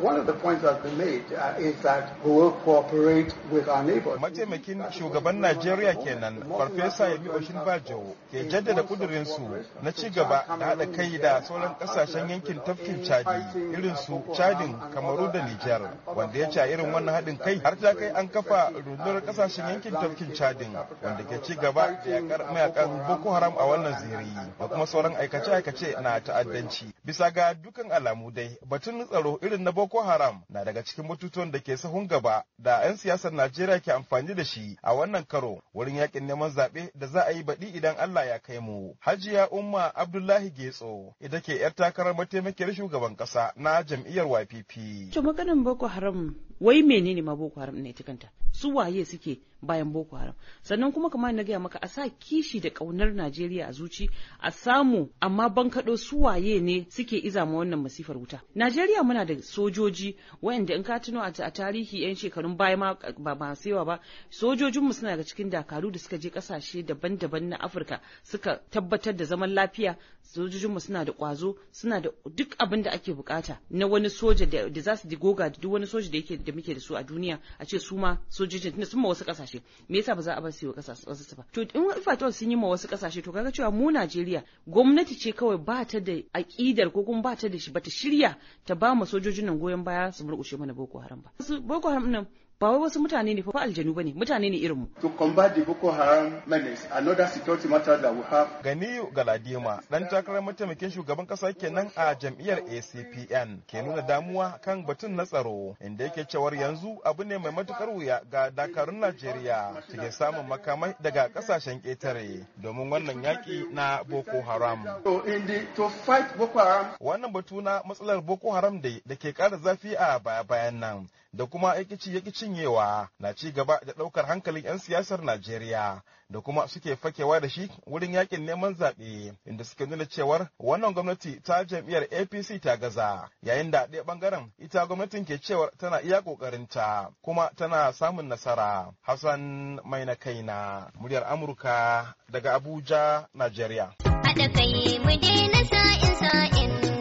one of the points made uh, is that we will cooperate with our neighbors. Mataimakin shugaban Najeriya kenan Farfesa Yemi Oshinbajo ke jaddada su na ci gaba da haɗa kai da sauran ƙasashen yankin tafkin Chadi irin su Chadin, Kamaru da Nijar, wanda ya ce irin wannan haɗin kai har ta kai an kafa rundunar ƙasashen yankin tafkin Chadin wanda ke ci gaba da yakar Boko Haram a wannan ziri da kuma sauran aikace-aikace na ta'addanci. Bisa ga dukan alamu dai batun tsaro irin na Boko Haram na daga cikin batutuwan da ke sahun gaba da 'yan siyasar Najeriya ke amfani da shi a wannan karo wurin yakin neman zaɓe da za a yi baɗi idan Allah ya kai mu. Hajiya Umma Abdullahi Getso ita ke 'yar takarar mataimakiyar shugaban ƙasa na jam'iyyar YPP. To maganin Boko Haram wai menene ma Boko Haram ne ta kanta? Su waye suke bayan boko haram sannan kuma kamar na gaya maka a sa kishi da ƙaunar najeriya a zuci a samu amma bankaɗo waye ne suke iza ma wannan masifar wuta najeriya muna da sojoji wayanda in ka tuno a tarihi yan shekarun baya ma ba masu yawa ba sojojinmu suna daga cikin dakaru da suka je ƙasashe daban-daban na afirka suka tabbatar da zaman lafiya sojojinmu suna da ƙwazo suna da duk abin da ake bukata na wani soja da za su goga da duk wani soja da yake da muke da su a duniya a ce su ma sojojin tunda sun ma wasu ƙasashe kasashe me yasa ba za a bar su yi wa kasashe ba to in fa to sun yi ma wasu kasashe to kaga cewa mu Najeriya gwamnati ce kawai ba ta da aƙidar ko kuma ba ta da shi ba ta shirya ta ba mu sojojin nan goyon baya su murƙushe mana Boko Haram ba Boko Haram nan ba wai wasu mutane ne fa aljanu bane mutane ne irin mu to combat the boko haram menace another security matter that we have gani galadima dan takarar mataimakin shugaban kasa kenan a jam'iyyar ACPN ke nuna damuwa kan batun na tsaro inda yake cewar yanzu abu ne mai matukar wuya ga dakarun Najeriya cike samun makamai daga kasashen ketare domin wannan yaki na Boko Haram to in to fight Boko Haram wannan batu na matsalar Boko Haram da ke kara zafi a baya-bayan nan da kuma yakici yakicin cinyewa na ci gaba da ɗaukar hankalin 'yan siyasar Najeriya da kuma suke fakewa da shi wurin yakin neman zaɓe inda suke nuna cewar wannan gwamnati ta jam'iyyar APC ta gaza yayin da ɗaya ɓangaren ita gwamnatin ke cewar tana iya ƙoƙarinta kuma tana samun nasara. Hassan mai na kaina muryar Amurka daga Abuja, Najeriya. Haɗa kai mu sa'in sa'in